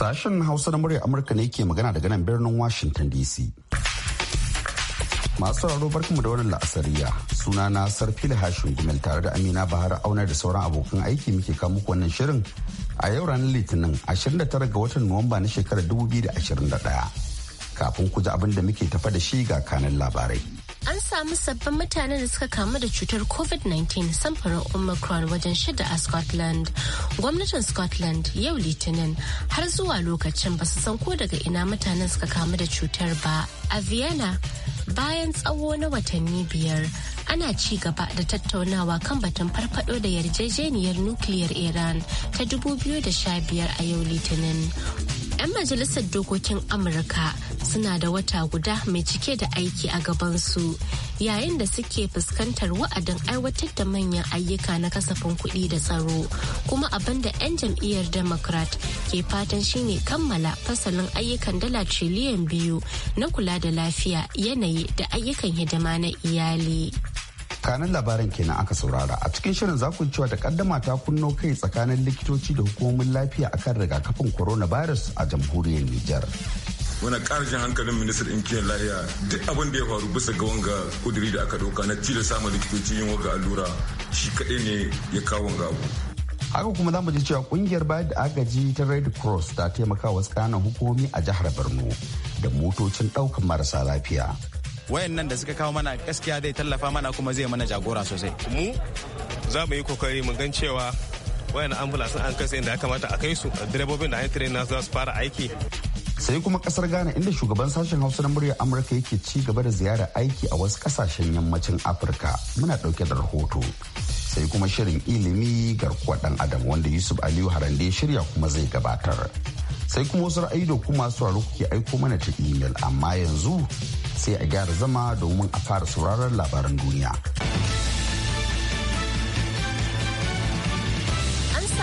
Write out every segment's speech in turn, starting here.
Sashen Hausa na murya Amurka ne ke magana daga nan birnin Washington DC. Masu sauraro barkanmu da wannan la'asariya suna na sarfila Hashin Gumel tare da Amina Bahar Auna da sauran abokan aiki muke kawo muku wannan shirin a yau ranar Litinin 29 ga watan Nuwamba na shekarar 2021. Kafin ku ji abin da muke tafa da shi ga kanan labarai. an samu sabbin mutanen da suka kamu da cutar covid-19 samfurin omicron wajen shida a scotland gwamnatin scotland yau litinin har zuwa lokacin ba su san ko daga ina mutanen suka kamu da cutar ba a vienna bayan tsawo na watanni biyar ana ci gaba da tattaunawa kan batun farfado da yarjejeniyar nukiliyar iran ta 2015 a yau litinin 'yan majalisar dokokin amurka suna da wata guda mai cike da aiki a gabansu yayin da suke fuskantar wa'adin aiwatar da manyan ayyuka na kasafin kuɗi da tsaro kuma abin da 'yan jam'iyyar democrat ke fatan shine kammala fasalin ayyukan dala triliyan biyu na kula da lafiya yanayi da ayyukan hidima na iyali. kanan labaran kenan aka saurara a cikin shirin zakun cewa takaddama ta kunno kai tsakanin likitoci da hukumomin lafiya a kan rigakafin coronavirus a jamhuriyar Nijar. wani karshen hankalin ministan ɗin lahiya duk abin da ya faru bisa ga wanga kuduri da aka ɗauka na tilo samun likitoci yin waga allura shi kaɗai ne ya kawo wanga haka kuma zamu mu ji cewa kungiyar bayar da agaji ta red cross ta taimaka wasu kanan hukumomi a jihar borno da motocin ɗaukar marasa lafiya wayannan da suka kawo mana gaskiya zai tallafa mana kuma zai mana jagora sosai mu za mu yi kokari mu gan cewa wayan ambulance an kai inda ya kamata a kai su direbobin da an tare na za su fara aiki sai kuma kasar ghana inda shugaban sashen hausa na muryar amurka yake ci gaba da ziyarar aiki a wasu kasashen yammacin afirka muna dauke da rahoto sai kuma shirin ilimi garkuwa dan adam wanda yusuf aliyu harande ya shirya kuma zai gabatar sai kuma wasu ra'ayi da kuma masu kuke aiko mana ta imel amma yanzu sai a gyara zama domin a fara sauraron labaran duniya.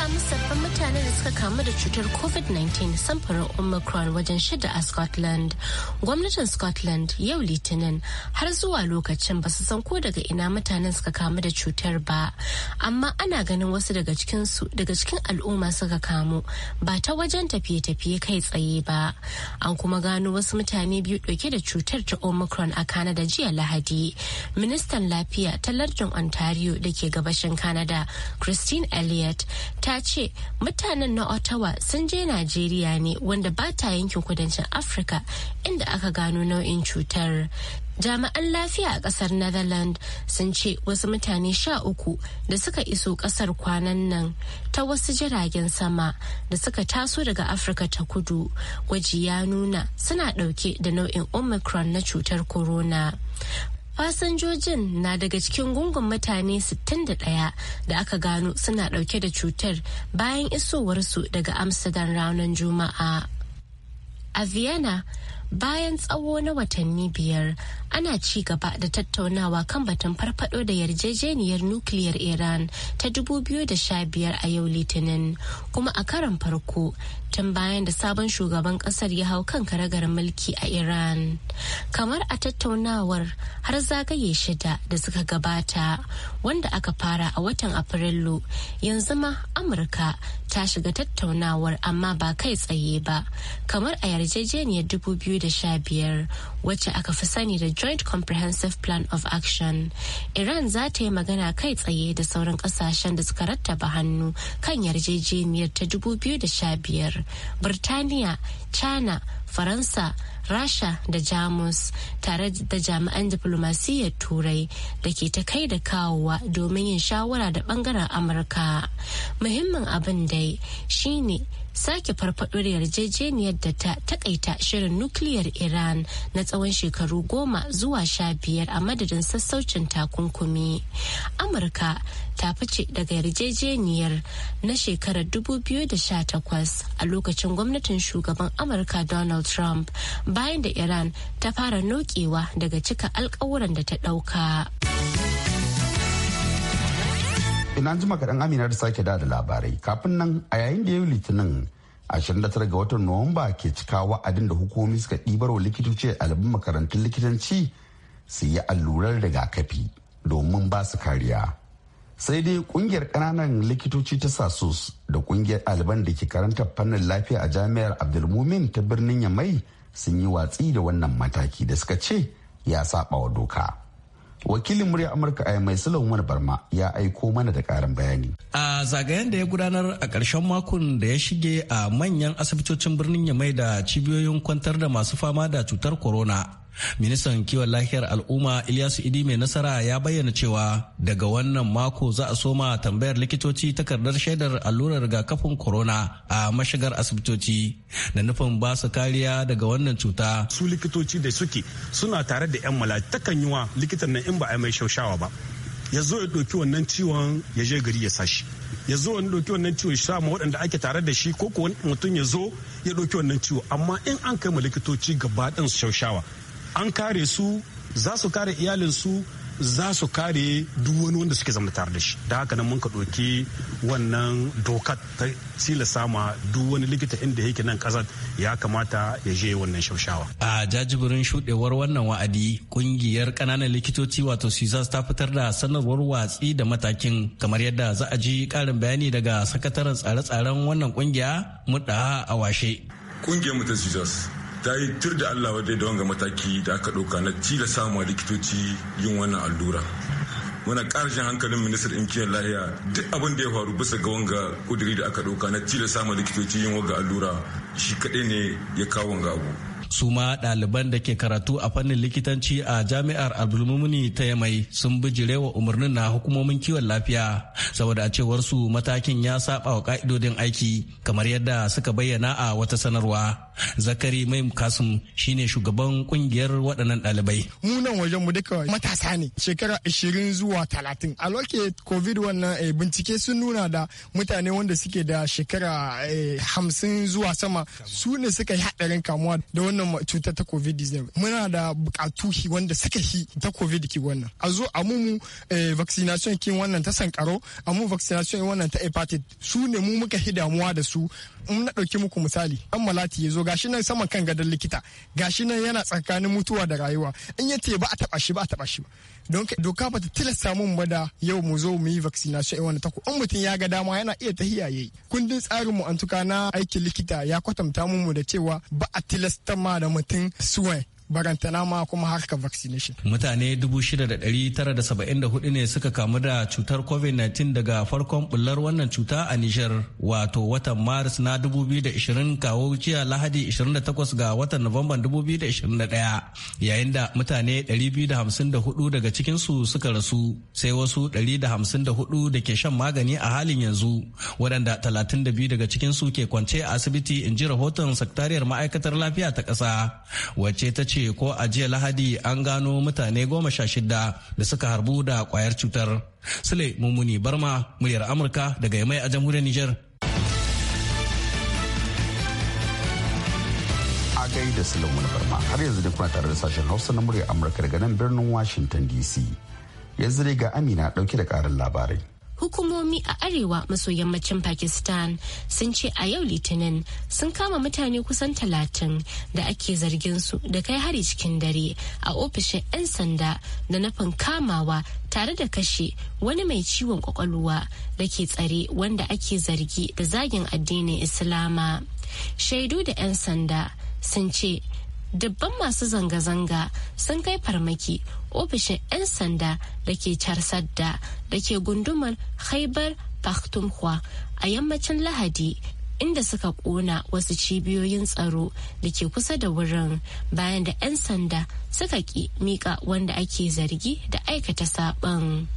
samu sabbin mutanen da suka kamu da cutar covid-19 samfurin omicron wajen shida a scotland gwamnatin scotland yau litinin har zuwa lokacin ba su san ko daga ina mutanen suka kamu da cutar ba amma ana ganin wasu daga cikin al'umma suka kamu ba ta wajen tafiye-tafiye kai tsaye ba an kuma gano wasu mutane biyu dauke da cutar ta omicron a canada jiya lahadi ministan lafiya ta lardin ontario da ke gabashin canada christine elliott ta ya ce mutanen na Ottawa sun je Najeriya ne wanda ba ta yankin kudancin Afirka inda aka gano nau'in cutar. Jami'an lafiya a kasar Netherlands sun ce wasu mutane sha uku da suka iso kasar kwanan nan ta wasu jiragen sama da suka taso daga Afirka ta kudu. Gwaji ya nuna suna dauke da nau'in Omicron na cutar corona. fasinjojin na daga cikin gungun mutane 61 da aka gano suna dauke da cutar bayan isowarsu daga amsterdam ranar juma'a a vienna bayan tsawo na watanni biyar ana ci gaba da tattaunawa kan batun farfado da yarjejeniyar nukiliyar iran ta 2015 a yau litinin kuma a karan farko tun bayan da sabon shugaban kasar ya hau kan karagar mulki a iran kamar a tattaunawar har zagaye shida da suka gabata wanda aka fara a watan afrilu yanzu ma amurka ta shiga tattaunawar amma ba kai tsaye ba kamar a yarjejeniyar 2015 wacce aka fi sani da joint comprehensive plan of action iran za ta yi magana kai tsaye da sauran kasashen da suka rattaba hannu kan yarjejeniyar ta 2015 birtaniya china faransa rasha da jamus tare da jami'an diflomasiyyar turai da ke ta kai da kawowa domin yin shawara da bangaren amurka muhimmin abin dai shine sake farfaɗo yarjejeniyar da ta takaita shirin nukiliyar Iran na tsawon shekaru goma zuwa sha biyar a madadin sassaucin takunkumi. Amurka ta fice daga yarjejeniyar na shekarar 2018 a lokacin gwamnatin shugaban Amurka Donald Trump bayan da Iran ta fara nokewa daga cika alkawuran da ta ɗauka. ina jima kaɗan amina da sake da labarai kafin nan a yayin da ya yi litinin 29 ga watan nuwamba ke cika wa'adin da hukumomi suka ɗibar wa likitoci a makarantun likitanci su yi allurar rigakafi domin ba su kariya sai dai kungiyar ƙananan likitoci ta sasus da kungiyar ɗaliban da ke karanta fannin lafiya a jami'ar abdulmumin ta birnin yamai sun yi watsi da wannan mataki da suka ce ya saba wa doka. wakilin murya amurka a mai wani barma ya aiko mana da karin bayani a zagayen da ya gudanar a ƙarshen makon da ya shige a manyan asibitocin birnin yamai da cibiyoyin kwantar da masu fama da cutar corona Ministan kiwon lafiyar al'umma Ilyasu Idi mai nasara ya bayyana cewa daga wannan mako za a soma tambayar likitoci takardar shaidar allurar rigakafin corona a mashigar asibitoci da nufin ba su kariya daga wannan cuta. Su likitoci da suke suna tare da 'yan mala takan yi wa likitan nan in ba a mai shaushawa ba. Ya zo ya ɗauki wannan ciwon ya je gari ya sashi. ya zo wani ɗauki wannan ciwon ya samu waɗanda ake tare da shi ko wani mutum ya zo ya ɗauki wannan ciwo amma in an kai ma likitoci gaba ɗin shaushawa an kare su za su kare iyalinsu za su kare duk wani wanda suke zama tare da shi da haka nan mun ka ɗauki wannan dokar ta tilasa ma duk wani likita inda yake nan ƙasar ya kamata ya je wannan shaushawa a jajibirin shuɗewar wannan wa'adi ƙungiyar ƙananan likitoci wato sizas ta fitar da sanarwar watsi da matakin kamar yadda za a ji ƙarin bayani daga sakataren tsare-tsaren wannan ƙungiya muɗa a washe ƙungiyar mu ta sizas ta yi tur da allah wadda da wanga mataki da aka ɗauka na ci da samun likitoci yin wannan allura muna karshen hankalin ministar in lahiya duk abin da ya faru bisa ga wanga kudiri da aka ɗauka na cire samun likitoci yin wanga allura shi kaɗai ne ya kawo wanga abu su ɗaliban da ke karatu a fannin likitanci a jami'ar abdulmumuni ta yamai sun bijire wa umarnin na hukumomin kiwon lafiya saboda a cewar su matakin ya saba wa ka'idodin aiki kamar yadda suka bayyana a wata sanarwa zakari mai kasum shine shugaban kungiyar waɗannan ɗalibai mu nan wajen mu duka matasa ne shekara 20 zuwa 30 a loke covid wannan eh, bincike sun nuna da mutane wanda suke da shekara 50 eh, zuwa sama su ne suka yi haɗarin kamuwa da wannan cutar ta covid-19 muna da bukatu wanda suka yi ta covid ki wannan a zo a mu eh, vaccination kin wannan ta sankaro a mu vaccination wannan ta hepatitis su ne mu muka hidamuwa damuwa da su in na ɗauki muku misali dan malati ya zo gashi nan saman kan gadon likita gashi nan yana tsakanin mutuwa da rayuwa in ya ce ba a taɓa shi ba a taɓa shi ba don doka ba ta tilasta mun ba da yau mu zo mu yi vaccination wani tako in mutum ya ga dama yana iya tahiya yayi kundin tsarin mu an tuka na aikin likita ya kwatanta mu da cewa ba a tilasta ma da mutum suwai barantana ma kuma harkar vaccination. Mutane 6,974 ne suka kamu da cutar COVID-19 daga farkon bullar wannan cuta a Nijar wato watan Maris na 2020 kawo jiya Lahadi 28 ga watan Nuwamban 2021 yayin da mutane 254 daga cikinsu suka rasu sai wasu 154 da ke shan magani a halin yanzu waɗanda 32 daga cikinsu ke kwance a asibiti in ji rahoton sakatariyar ma'aikatar lafiya ta ƙasa wacce ta ce ce ko a jiya lahadi an gano mutane goma sha shida da suka harbu da kwayar cutar sule mummuni barma muryar amurka daga yamai a jamhuriyar nijar agai da sulaiman barma har yanzu da kuna tare da sashen hausa na muryar amurka daga nan birnin washington dc yanzu dai ga amina dauke da karin labarai hukumomi a arewa maso yammacin pakistan sun ce a yau litinin sun kama mutane kusan talatin da ake zargin su da kai hari cikin dare a ofishin 'yan sanda da nufin kamawa tare da kashe wani mai ciwon kwakwalwa da ke tsare wanda ake zargi da zagin addinin islama shaidu da 'yan sanda sun ce dubban masu zanga-zanga sun kai farmaki ofishin 'yan sanda da ke charsadda da ke gundumar haibar pakhtunkhwa a yammacin lahadi inda suka kona wasu cibiyoyin tsaro da ke kusa da wurin bayan da 'yan sanda suka ki mika wanda ake zargi da aikata saɓan.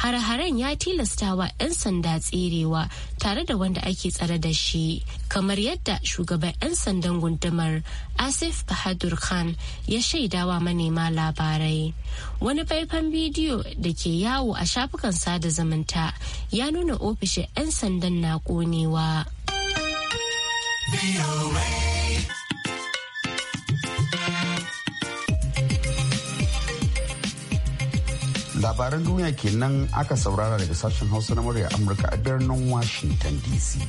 hare-haren ya wa 'yan sanda tserewa tare da wanda ake tsare da shi kamar yadda shugaban 'yan sandan gundumar asif bahadur khan ya shaidawa manema labarai wani faifan bidiyo da ke yawo a shafukan sada zumunta ya nuna ofishin 'yan sandan na konewa. labaran duniya kenan aka saurara daga sashen hausa na murya amurka a birnin washington dc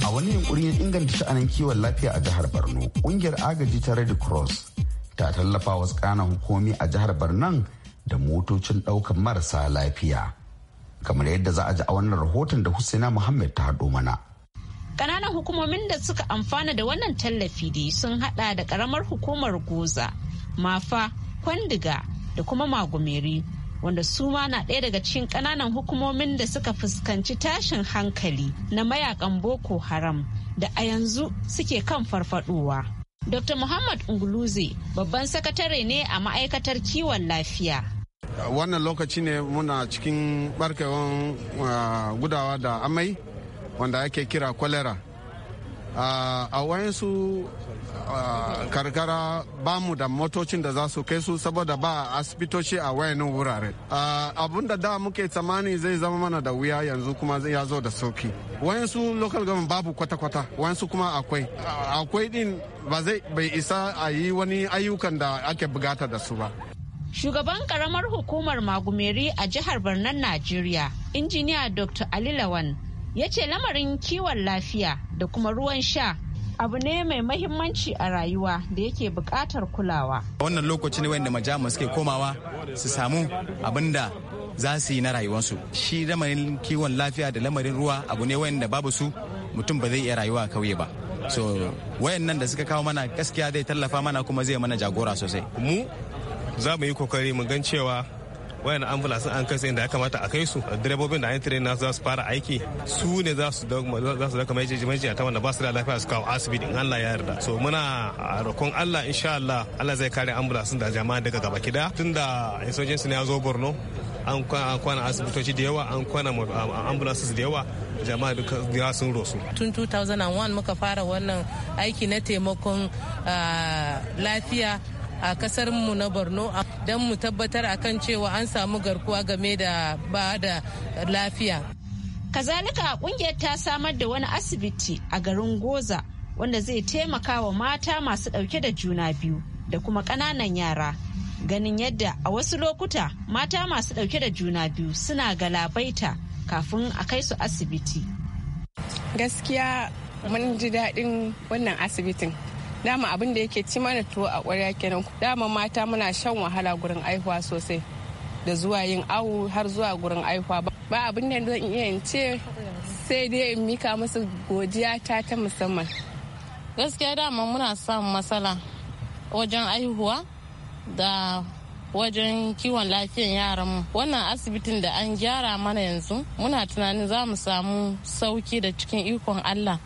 a wani ya inganta sha'anin kiwon lafiya a jihar borno kungiyar agaji ta red cross ta tallafa wasu kanan hukumi a jihar borno da motocin ɗaukar marasa lafiya kamar yadda za a ji a wannan rahoton da husaina muhammad ta haɗo mana Kananan hukumomin da suka amfana da wannan tallafi dai sun hada da karamar hukumar Goza, Mafa, Kwandiga da kuma Magumeri, wanda su ma na ɗaya daga cikin kananan hukumomin da suka fuskanci tashin hankali na mayakan Boko Haram da a yanzu suke kan farfaduwa. Dr. Muhammad Unguluze babban sakatare ne a ma'aikatar kiwon lafiya. Wannan lokaci ne muna cikin barkewan ah, gudawa da amai wanda ake kira kwalera a wayansu karkara ba mu da motocin da za su kai su saboda ba asibitoci a wayanin wurare abun da da muke tsammani zai zama mana da wuya yanzu kuma ya zo da sauki wayansu local government babu kwata-kwata wayansu kuma akwai akwai din ba zai bai isa a yi wani ayyukan da ake bugata da su ba Shugaban karamar hukumar Magumeri a jihar Barnan Najeriya, injiniya Dr. Ali Lawan ya ce lamarin kiwon lafiya da kuma ruwan sha abu ne mai mahimmanci a rayuwa da yake buƙatar kulawa. wannan lokaci ne wanda majamus ke komawa su samu abin da za su yi na rayuwarsu shi lamarin kiwon lafiya da lamarin ruwa abu ne wanda babu su mutum ba zai iya rayuwa a kauye ba so wayannan da suka kawo mana gaskiya zai tallafa mana kuma zai mana jagora sosai mu za mu yi kokari mu gan cewa wayan ambulance an kai su inda ya kamata a kai su direbobin da an tire na za su fara aiki su ne za su za su daga maji maji ta wanda ba su da lafiya su kawo asibiti in Allah ya yarda so muna roƙon Allah insha Allah Allah zai kare ambulance da jama'a daga gaba kida tunda insurgency ne ya zo Borno an kwana asibitoci da yawa an kwana ambulances da yawa jama'a duka sun rosu tun 2001 muka fara wannan aiki na taimakon lafiya a kasar mu na borno don mu tabbatar a kan cewa an samu garkuwa game da ba da lafiya kazalika kungiyar ta samar da wani asibiti a garin goza wanda zai taimaka wa mata masu dauke da juna biyu da kuma kananan yara ganin yadda a wasu lokuta mata masu dauke da juna biyu suna galabaita kafin a kai su asibiti gaskiya mun ji daɗin wannan asibitin dama abin da yake ci mana tuwo a ƙwarya kenan dama mata muna shan wahala gurin aihuwa sosai da zuwa yin awu har zuwa gurin aihuwa ba abin da zan iya in ce sai dai in mika musu godiya ta ta musamman gaskiya dama muna samun matsala wajen aihuwa da wajen kiwon lafiyan mu. wannan asibitin da an gyara mana yanzu muna tunanin za mu samu sauki da cikin ikon allah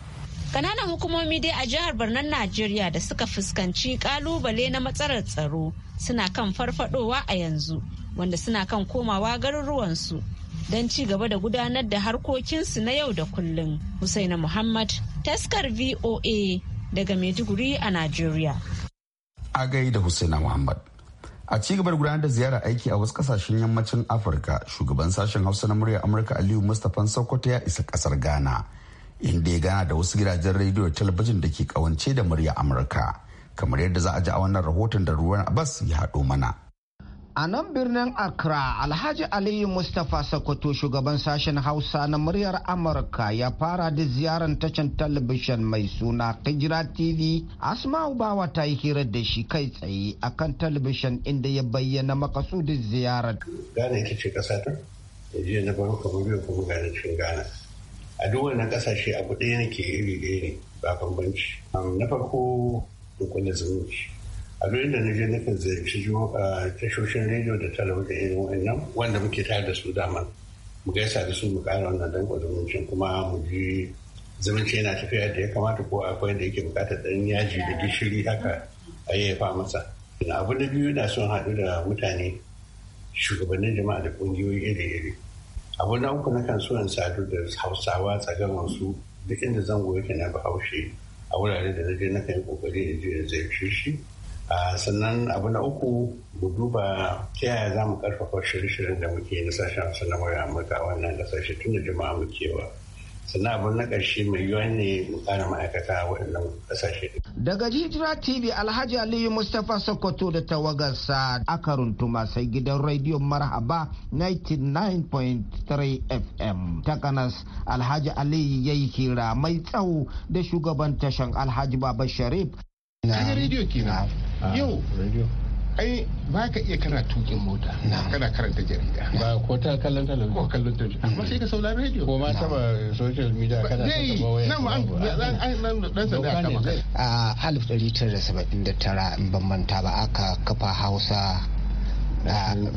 Kananan hukumomi dai a jihar Barnan Najeriya da suka fuskanci kalubale na matsalar tsaro suna kan farfadowa a yanzu wanda suna kan komawa garuruwansu don ci gaba da gudanar da harkokinsu na yau da kullum. Husaina Muhammad, taskar VOA daga Maiduguri a Najeriya. A da Husaina Muhammad. A ci gaba da gudanar da ziyara aiki a wasu kasashen yammacin Afirka, shugaban sashen Hausa na murya Amurka Aliyu Mustapha Sokoto ya isa kasar Ghana. inda ya gana da wasu gidajen rediyo talabijin da ke kawance da murya amurka kamar yadda za a ji a wannan rahoton da ruwan abbas ya haɗo mana a nan birnin accra alhaji aliyu mustapha sokoto shugaban sashen hausa na muryar amurka ya fara da ziyarar tashar talabijin mai suna hijira tv asma'u bawa ta yi hira da shi kai tsaye akan talabijin inda ya bayyana makasudin ziyarar gane kice kasa ta jiya na ban kamar biyu kuma gane cikin gane a duk wannan kasashe abu ɗaya ne ke iri ɗaya ne ba bambanci na farko dukkan zumunci a duk inda na je nakan ziyarci tashoshin rediyo da talabijin irin wa'annan wanda muke tare da su dama mu gaisa da su mu kara wannan danƙon zumuncin kuma mu ji zumunci yana tafiya da ya kamata ko akwai da yake buƙatar ɗan yaji da gishiri haka a yayyafa masa abu na biyu na son haɗu da mutane shugabannin jama'a da ƙungiyoyi iri-iri abu na uku nakan so in sadu da hausawa tsagaman su duk inda goyi yake na bahaushe a wurare da na je nakan yi kokari da je in ziyarci shi sannan abu na uku mu duba ta yaya za mu karfafa shirye-shiryen da muke na sashen hausa na amurka wannan kasashe tun da jama'a mu kewa. sannan abin na ƙarshe mai yiwuwa ne mu ƙara ma'aikata a waɗannan ƙasashe. Daga Jijira TV Alhaji Aliyu Mustapha Sokoto da tawagarsa aka runtuma sai gidan rediyo Marhaba 99.3 FM. Takanas Alhaji Aliyu ya yi kira mai tsawo da shugaban tashan Alhaji Baba Sharif. Na rediyo ah, Yau. Rediyo. ai ba ka iya kana tukin mota kana karanta jarida ba ko ta kallon talabijin ko kallon talabijin amma mm. sai ka saurari rediyo ko ma taba social media kana taba waya nan an nan dan sanda ma a halif da tara in ban manta ba aka kafa Hausa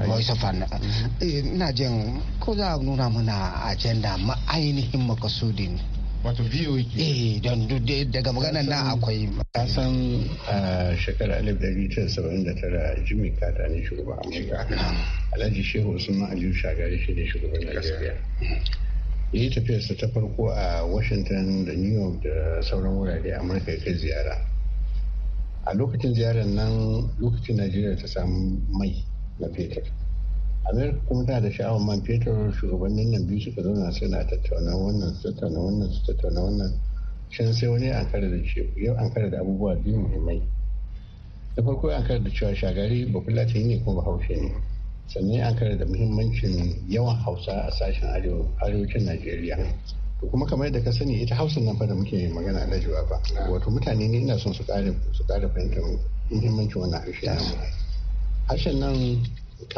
voice of mm-hmm. eh, ina jin ko za a nuna mana ajenda ma ainihin makasudin wato voa yake e eh don daga magana na akwai ya san a shekarar 1979 jimmy carter ne shugaban amurka alhaji shehu ma aliyu shagari shi ne shugaban najeriya ya yi tafiyarsa ta farko a washington da new york da sauran wurare amurka ya kai ziyara a lokacin ziyarar nan lokacin najeriya ta samu mai na fetur amerika kuma tana da sha'awar man fetur shugabannin nan biyu suka zauna suna tattauna wannan su tattauna wannan su tattauna wannan can sai wani an kare da shi yau an kare da abubuwa biyu muhimmai da farko an kare da cewa shagari bafulati ne kuma bahaushe ne sannan an kare da muhimmancin yawan hausa a sashen arewacin najeriya to kuma kamar yadda ka sani ita hausa nan fa da muke magana na jiwa ba wato mutane ne ina son su kare su kare fahimtar muhimmancin wannan harshe namu harshen nan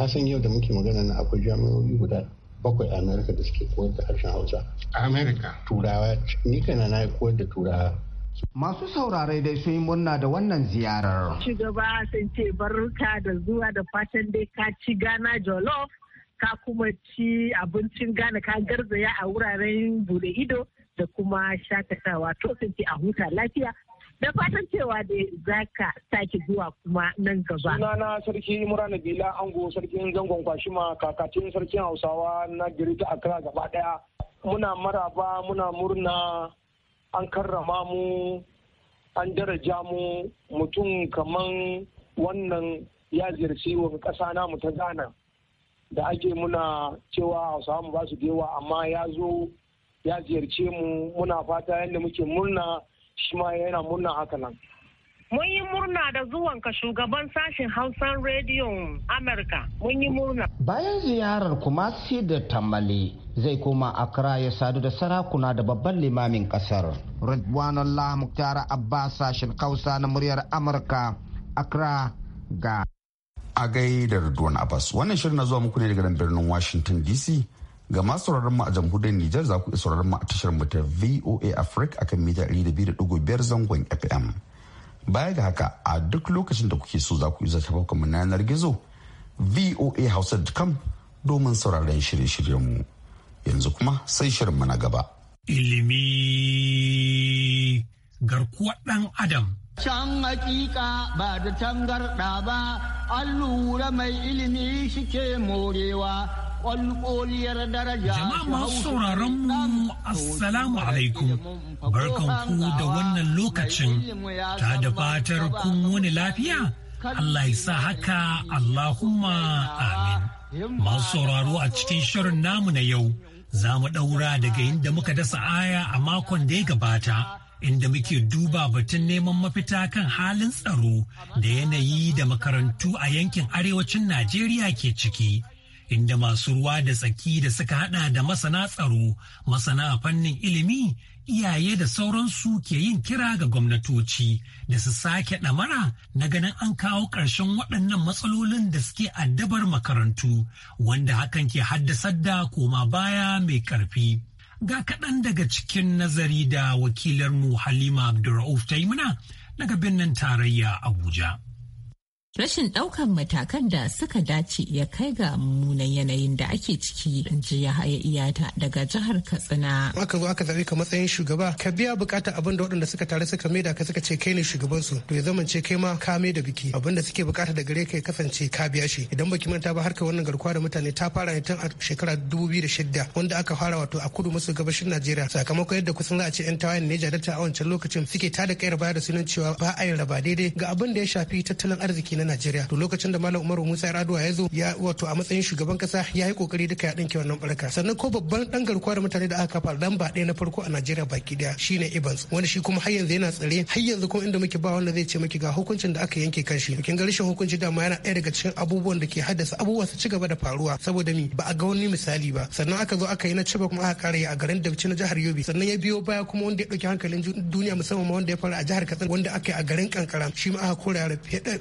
san yau da muke magana na akwai jami'o'i guda bakwai a amerika da suke koyar da harshen hausa a amerika turawa ni kana na koyar da turawa Masu saurare dai sun yi murna da wannan ziyarar. Shugaba sun ce barka da zuwa da fatan dai ka ci Ghana jollof, ka kuma ci abincin Ghana ka garzaya a wuraren bude ido da kuma shakatawa to sun ce a huta lafiya da fatan cewa da za ka sake zuwa kuma nan gaba. Sunana sarki Murana Bila Ango sarkin zangon kwashima kakacin sarkin Hausawa na gari ta Accra gaba daya. Muna maraba muna murna an karrama mu an daraja mu mutum kaman wannan ya ziyarci wa ƙasa namu ta Ghana da ake muna cewa Hausawa mu ba su yawa amma ya zo ya ziyarce mu muna fata yadda muke murna shi ma yana murna haka nan. Mun yi murna da zuwanka shugaban sashen Hausan Radio Amurka. Mun yi murna. Bayan ziyarar Kumasi da Tamale zai koma Accra ya sadu da sarakuna da babban limamin kasar. Ridwanullah Muktar Abbas sashen Hausa na muryar Amurka Accra ga. A gaidar Ridwan Abbas. Wannan shirin na zuwa muku ne daga birnin Washington DC. Ga masu sauraron mu a jamhuriyar Nijar za ku iya sauraron mu a tashar mu ta VOA Africa akan mita 102.5 zangon FM. Baya ga haka a duk lokacin da kuke so za ku iya zata mu na yanar gizo voa hausa kam domin sauraron shirye-shiryen mu. Yanzu kuma sai shirin mu na gaba. Ilimi garkuwar ɗan Adam. Can hakika ba da tangarɗa ba, an lura mai ilimi shike morewa kwalkoliyar daraja jama'a masu sauraron mu assalamu alaikum barkan ku da wannan lokacin ta da fatar kun wani lafiya Allah ya sa haka Allahumma amin masu sauraro a cikin shirin namu na yau za mu ɗaura daga inda muka dasa aya a makon da ya gabata inda muke duba batun neman mafita kan halin tsaro da yanayi da makarantu a yankin arewacin Najeriya ke ciki inda masu ruwa da tsaki da suka hada da masana tsaro masana fannin ilimi iyaye da sauransu ke yin kira ga gwamnatoci da su sake ɗamara na ganin an kawo ƙarshen waɗannan matsalolin da suke addabar makarantu wanda hakan ke haddasar da koma baya mai ƙarfi. Ga kaɗan daga cikin nazari da wakilarmu Halima Abdulrauf ta yi muna daga birnin tarayya Abuja. rashin daukan matakan da suka dace ya kai ga mummunan yanayin da ake ciki in ji ya haya iyata daga jihar katsina aka zo aka zabe ka matsayin shugaba ka biya bukatar abin da waɗanda suka tare suka maida ka suka ce kai ne shugaban su to ya zama ce kai ma ka da biki abin da suke bukata da gare ka ya kasance ka biya shi idan baki manta ba harkar wannan garkuwa da mutane ta fara ne tun a shekara 2006 wanda aka fara wato a kudu maso gabashin Najeriya sakamakon yadda kusan za a ce 'yan tawayen ne jadarta a wancan lokacin suke tada kayar baya da sunan cewa ba a yin raba daidai ga abin da ya shafi tattalin arziki na Najeriya to lokacin da Malam Umaru Musa Yar'adua ya zo ya wato a matsayin shugaban kasa ya yi kokari duka ya dinke wannan barka sannan ko babban dan garkuwa da mutane da aka kafa lamba ɗaya na farko a Najeriya baki daya shine Evans wani shi kuma har yanzu yana tsare har yanzu kuma inda muke ba wanda zai ce miki ga hukuncin da aka yanke kan kin ga rashin hukunci dama yana ɗaya daga cikin abubuwan da ke haddasa abubuwa su ci gaba da faruwa saboda mi ba a ga wani misali ba sannan aka zo aka yi na ciba kuma aka kare a garin Dabci na jihar Yobe sannan ya biyo baya kuma wanda ya ɗauki hankalin duniya musamman wanda ya fara a jihar Katsina wanda aka yi a garin Kankara shi ma aka kora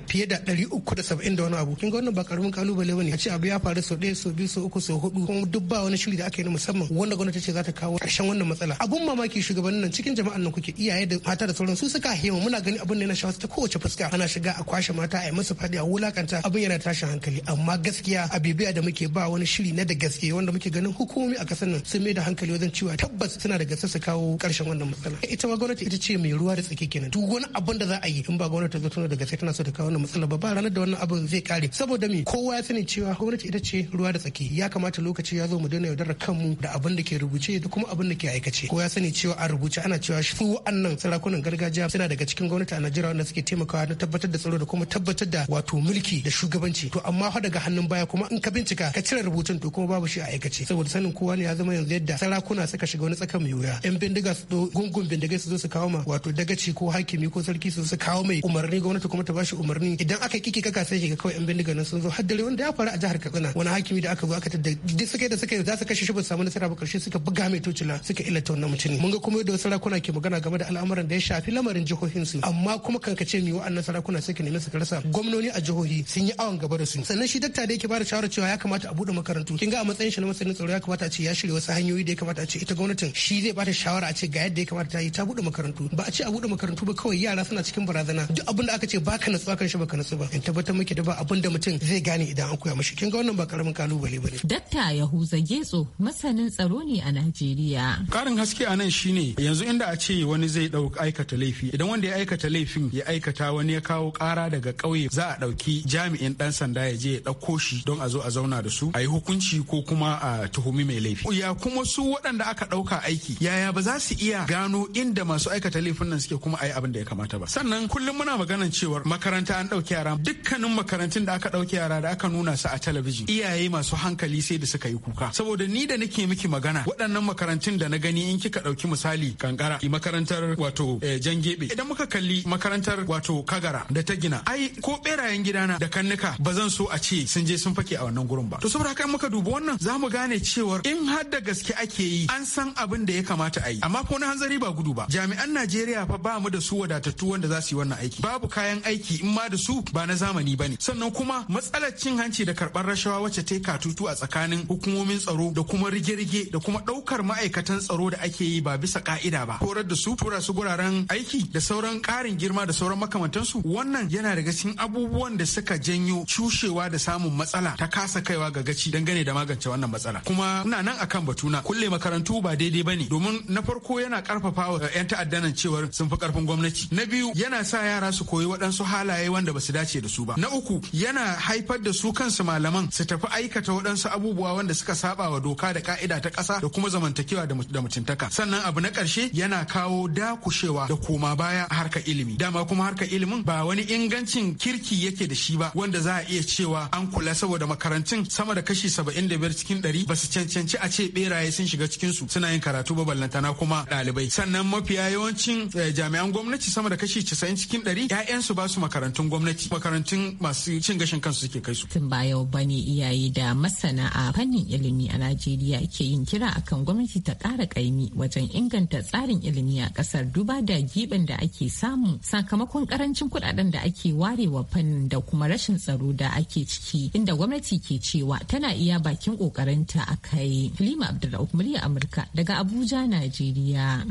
fiye da dari uku da saba'in da wani abu kin ga wannan ba karamin kalubale bane a ce abu ya faru sau ɗaya sau biyu sau uku sau hudu kuma duk ba wani shiri da aka yi na musamman wanda gwamnati ce za ta kawo ƙarshen wannan matsala abun mamaki shugabannin nan cikin jama'an nan kuke iyaye da mata da sauran su suka hima muna gani abun ne na shawarta ta kowace fuska ana shiga a kwashe mata a yi musu fadi a wulakanta abun yana tashin hankali amma gaskiya a bibiya da muke ba wani shiri na da gaske wanda muke ganin hukumomi a kasar nan sun mai da hankali wajen cewa tabbas suna da gaske su kawo ƙarshen wannan matsala ita ma gwamnati ita ce mai ruwa da tsaki kenan duk wani abun da za a yi in ba gwamnati ta zo tana da gaske tana so ta kawo wannan matsala ba ba a ranar da wannan abin zai kare saboda me kowa ya sani cewa gwamnati ita ce ruwa da tsaki ya kamata lokaci ya zo mu daina yaudarar kanmu da abin da ke rubuce da kuma abin da ke aikace kowa ya sani cewa a rubuce ana cewa su wa'annan sarakunan gargajiya suna daga cikin gwamnati a Najeriya wanda suke taimakawa na tabbatar da tsaro da kuma tabbatar da wato mulki da shugabanci to amma fa daga hannun baya kuma in ka bincika ka cire rubutun to kuma babu shi a aikace saboda sanin kowa ne ya zama yanzu yadda sarakuna suka shiga wani tsakan mai wuya yan bindiga su zo gungun bindiga su zo su kawo ma wato dagaci ko hakimi ko sarki su su kawo mai umarni gwamnati kuma ta bashi umarni idan aka kike kaka sai shiga kawai yan bindiga nan sun zo har dare wanda ya faru a jihar Katsina wani hakimi da aka zo aka tada duk suke da suke za su kashe shi ba su samu nasara ba karshe suka buga mai tocila suka illata wannan mutum mun ga kuma yadda sarakuna ke magana game da al'amuran da ya shafi lamarin jihohin su amma kuma kan kace mi wa'annan sarakuna suke nemi su karasa gwamnoni a jihohi sun yi awan gaba da su sannan shi dakta da yake bada shawara cewa ya kamata a bude makarantu kin ga a matsayin shi na masanin tsaro ya kamata a ce ya shirya wasu hanyoyi da ya kamata a ce ita gwamnatin shi zai bata shawara a ce ga yadda ya kamata ta yi ta bude makarantu ba a ce a bude makarantu ba kawai yara suna cikin barazana duk abin da aka ce baka natsuwa kan shi baka natsu ba tabbatar muke da ba abin da mutum zai gane idan an koya mashi kin ga wannan ba karamin kalubale bane dakta yahuza getso masanin tsaro ne a najeriya karin haske a nan shine yanzu inda a ce wani zai aikata laifi idan wanda ya aikata laifin ya aikata wani ya kawo kara daga kauye za a dauki jami'in dan sanda ya je ya dauko shi don a zo a zauna da su a yi hukunci ko kuma a tuhumi mai laifi ya kuma su waɗanda aka dauka aiki yaya ba za su iya gano inda masu aikata laifin nan suke kuma a yi abin da ya kamata ba sannan kullum muna maganan cewar makaranta an dauki yara yara dukkanin makarantun da aka dauke yara da aka nuna su a talabijin iyaye masu hankali sai da suka yi kuka saboda ni da nake miki magana waɗannan makarantun da na gani in kika ɗauki misali kankara makarantar wato eh, jan geɓe. idan muka kalli makarantar wato kagara da ta gina ai ko berayen gidana da kannuka ba zan so a ce sun je sun fake a wannan gurin ba to saboda haka muka dubi wannan za mu gane cewar in har da gaske ake yi an san abin da ya kamata a yi amma ko na hanzari ba gudu ba jami'an Najeriya fa ba mu da su wadatattu wanda za su yi wannan aiki babu kayan aiki in ma da su ba na zamani ba ne sannan kuma matsalar cin hanci da karɓar rashawa wacce ta yi katutu a tsakanin hukumomin tsaro da kuma rige-rige da kuma ɗaukar ma'aikatan tsaro da ake yi ba bisa ka'ida ba horar da su tura su guraren aiki da sauran ƙarin girma da sauran makamantansu wannan yana daga cikin abubuwan da suka janyo cushewa da samun matsala ta kasa kaiwa ga gaci dangane da magance wannan matsala kuma ina nan akan batuna kulle makarantu ba daidai ba ne. domin na farko yana karfafa wa 'yan ta'addanan cewar sun fi karfin gwamnati na biyu yana sa yara su koyi waɗansu halaye wanda ba su dace dace da su ba na uku yana haifar da su kansu malaman su tafi aikata waɗansu abubuwa wanda suka saba wa doka da ka'ida ta ƙasa da kuma zamantakewa da mutuntaka sannan abu na ƙarshe yana kawo dakushewa da koma baya a harkar ilimi dama kuma harkar ilimin ba wani ingancin kirki yake da shi ba wanda za a iya cewa an kula saboda makarantun sama da kashi saba'in da biyar cikin ɗari ba su cancanci a ce beraye sun shiga cikin su suna yin karatu ba ballantana kuma ɗalibai sannan mafiya yawancin eh, jami'an gwamnati sama da kashi casa'in cikin ɗari 'ya'yansu ba su makarantun gwamnati makarantun masu cin gashin kansu suke kai su. Tun ba yau bane iyaye da masana a fannin ilimi a Najeriya ke yin kira akan gwamnati ta ƙara ƙaimi wajen inganta tsarin ilimi a ƙasar duba da giɓin da ake samu sakamakon ƙarancin kuɗaɗen da ake warewa fannin da kuma rashin tsaro da ake ciki inda gwamnati ke cewa tana iya bakin ƙoƙarinta a kai. Halima Abdulrahman Murya Amurka daga Abuja, Najeriya.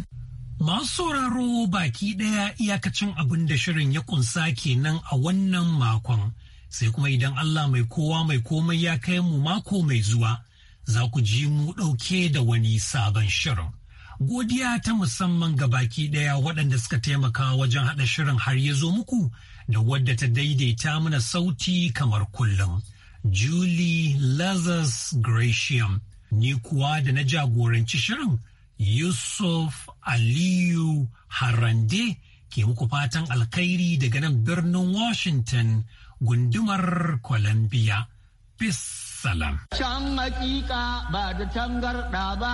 Masu sauraro baki ɗaya iyakacin abin da shirin ya kunsa kenan a wannan makon, sai kuma idan Allah mai kowa mai komai ya kai mu mako mai zuwa, za ku ji mu ɗauke da wani sabon shirin. Godiya ta musamman ga baki ɗaya waɗanda suka taimaka wajen haɗa shirin har ya zo muku da wadda ta daidaita mana sauti kamar kullum. Julie Lazarus Gratiam, ni kuwa da na jagoranci shirin. Yusuf Aliyu Harande ke muku fatan alkhairi daga nan birnin Washington gundumar Columbia. Peace Can hakika ba da tangarda ba,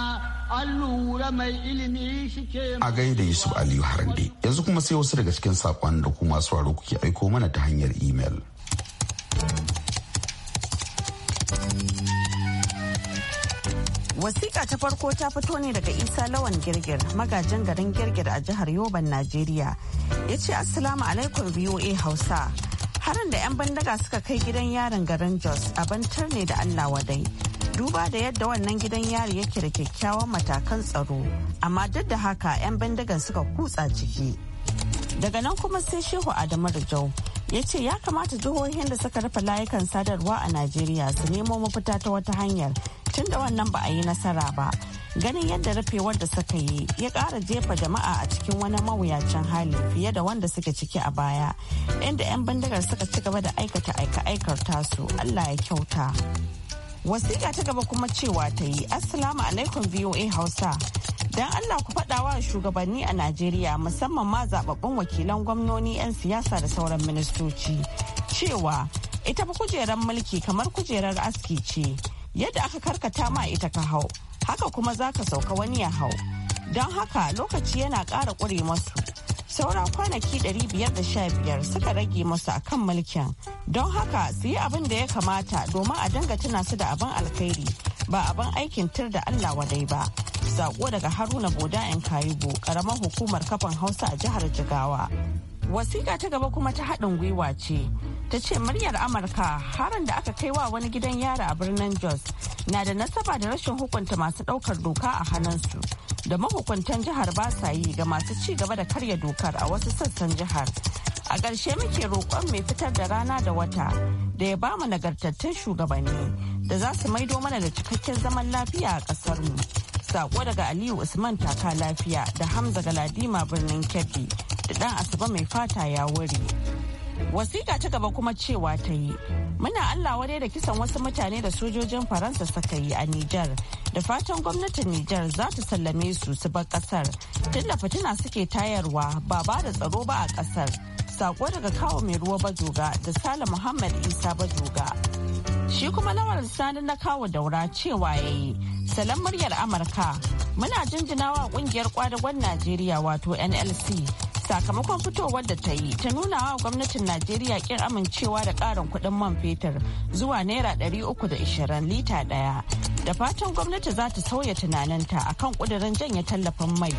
an lura mai ilimi shi ke A gaida Yusuf Aliyu Harande, yanzu kuma sai wasu daga cikin saƙon da kuma sauraro kuke aiko mana ta hanyar imel. Wasiƙa ta farko ta fito ne daga Isa Lawan Girgir, magajin garin Girgir a jihar Yoban, Najeriya. Ya ce Assalamu alaikum VOA Hausa. Harin da 'yan bandaga suka kai gidan yarin garin Jos abantar ne da Allah wadai. Duba da yadda wannan gidan yari yake da kyakkyawan matakan tsaro, amma duk da haka 'yan bandagan suka kutsa ciki. Daga nan kuma sai Shehu Adamu Rijau ya ce ya kamata jihohin da suka rufe layukan sadarwa a Najeriya su nemo mafita ta wata hanyar tun da wannan ba a yi nasara ba ganin yadda rufewar da suka yi ya ƙara jefa jama'a a cikin wani mawuyacin hali fiye da wanda suke ciki a baya inda 'yan bindigar suka ci gaba da aikata aika-aikar tasu allah ya kyauta wasiƙa ta gaba kuma cewa ta yi assalamu alaikum voa hausa dan allah ku faɗawa shugabanni a najeriya musamman ma zababbun wakilan gwamnoni 'yan siyasa da sauran ministoci cewa ita fa kujerar mulki kamar kujerar aski ce yadda aka karkata ma ita ka hau haka kuma za ka sauka wani ya hau don haka lokaci yana ƙara ƙure masu saura kwanaki 515 suka rage masu akan mulkin don haka su yi abin da ya kamata domin a dinga tuna su da abin alkhairi ba abin aikin tur da allah wadai ba sako daga haruna boda yan kayibo karamar hukumar kafan hausa a jihar jigawa wasiƙa ta gaba kuma ta haɗin gwiwa ce ta ce muryar amurka harin da aka kai wa wani gidan yara a birnin jos na da nasaba da rashin hukunta masu daukar doka a hannunsu da mahukuntan jihar ba sa yi ga masu ci gaba da karya dokar a wasu sassan jihar a ƙarshe muke roƙon mai fitar da rana da wata da ya bamu nagartattun shugabanni da za su maido mana da cikakken zaman lafiya a ƙasar mu sako daga aliyu usman taka lafiya da hamza galadima birnin kebbi da dan asuba mai fata ya wuri. wasiƙa ta gaba kuma cewa ta yi muna allah wadai da kisan wasu mutane da sojojin faransa suka yi a nijar da fatan gwamnatin nijar za ta sallame su su bar kasar tun da fitina suke tayarwa ba ba da tsaro ba a kasar sako daga kawo mai ruwa bajoga da sale muhammad isa bajoga shi kuma lamarin sani na kawo daura cewa ya yi salon muryar amurka muna jinjinawa kungiyar kwadagon najeriya wato nlc sakamakon fitowar da ta yi ta nuna wa gwamnatin najeriya kin amincewa da karin kudin man fetur zuwa naira 320 lita daya da fatan gwamnati za ta sauya tunaninta akan kudirin janye tallafin mai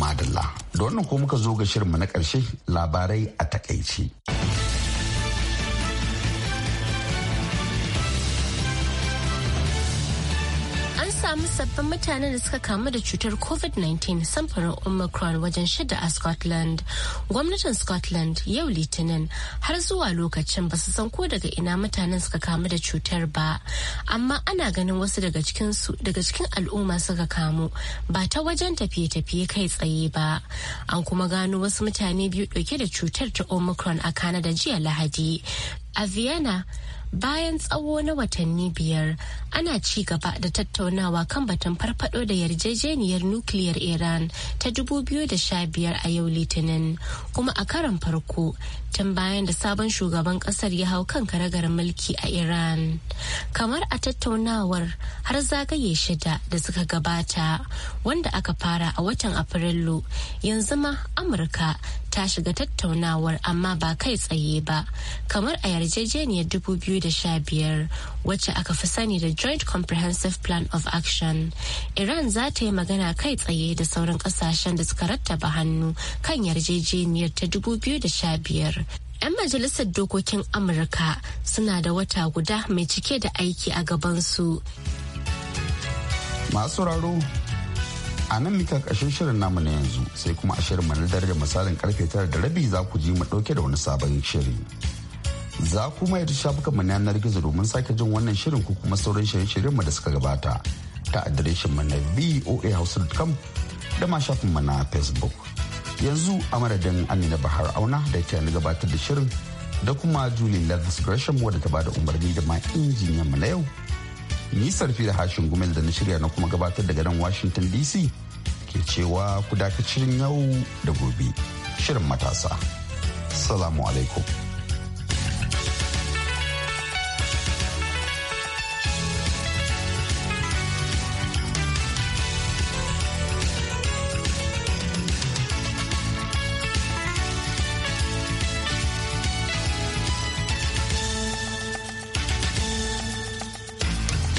madalla da wannan ko muka zo ga shirinmu na karshe labarai a takaice. sabbin mutanen da suka kamu da cutar covid-19 samfurin omicron wajen shida a scotland gwamnatin scotland yau litinin har zuwa lokacin ba su san ko daga ina mutanen suka kamu da cutar ba amma ana ganin wasu daga daga cikin al'umma suka kamu ba ta wajen tafiye-tafiye kai tsaye ba an kuma gano wasu mutane biyu dauke da cutar ta omicron a kanada jiya lahadi A Vienna, bayan tsawo na watanni biyar, ana ci gaba da tattaunawa kan batun farfado da yarjejeniyar nukiliyar Iran ta 2015 a yau Litinin, kuma a karan farko tun bayan da sabon shugaban kasar ya hau kan karagar mulki a Iran. Kamar a tattaunawar har zagaye shida da suka gabata, wanda aka fara a watan Afrilu, yanzu ma Amurka ta shiga tattaunawar amma ba kai tsaye ba, kamar a yarjejeniyar 2015 wacce aka fi sani da joint comprehensive plan of action iran za ta yi magana kai tsaye da sauran kasashen da suka rattaba hannu kan yarjejeniyar ta 2015 'yan majalisar dokokin amurka suna da wata guda mai cike da aiki a gabansu masu raro a nan mika ƙarshen shirin namu na yanzu sai kuma a shirin na dare da misalin karfe tara da rabi za ku ji mu ɗauke da wani sabon shiri za ku mai da shafukan mu na yanar gizo domin sake jin wannan shirin ku kuma sauran shirye-shiryen mu da suka gabata ta adireshin mu na voahouse.com da ma shafin mu na facebook yanzu a madadin amina bahar auna da ke gabatar da shirin da kuma julie levis gresham wadda ta bada umarni da ma injiniyan mu na yau ni sarfi da hashin gumel da na shirya na kuma gabatar daga nan washington dc ke cewa ku dakaci shirin yau da gobe shirin matasa. Salamu alaikum.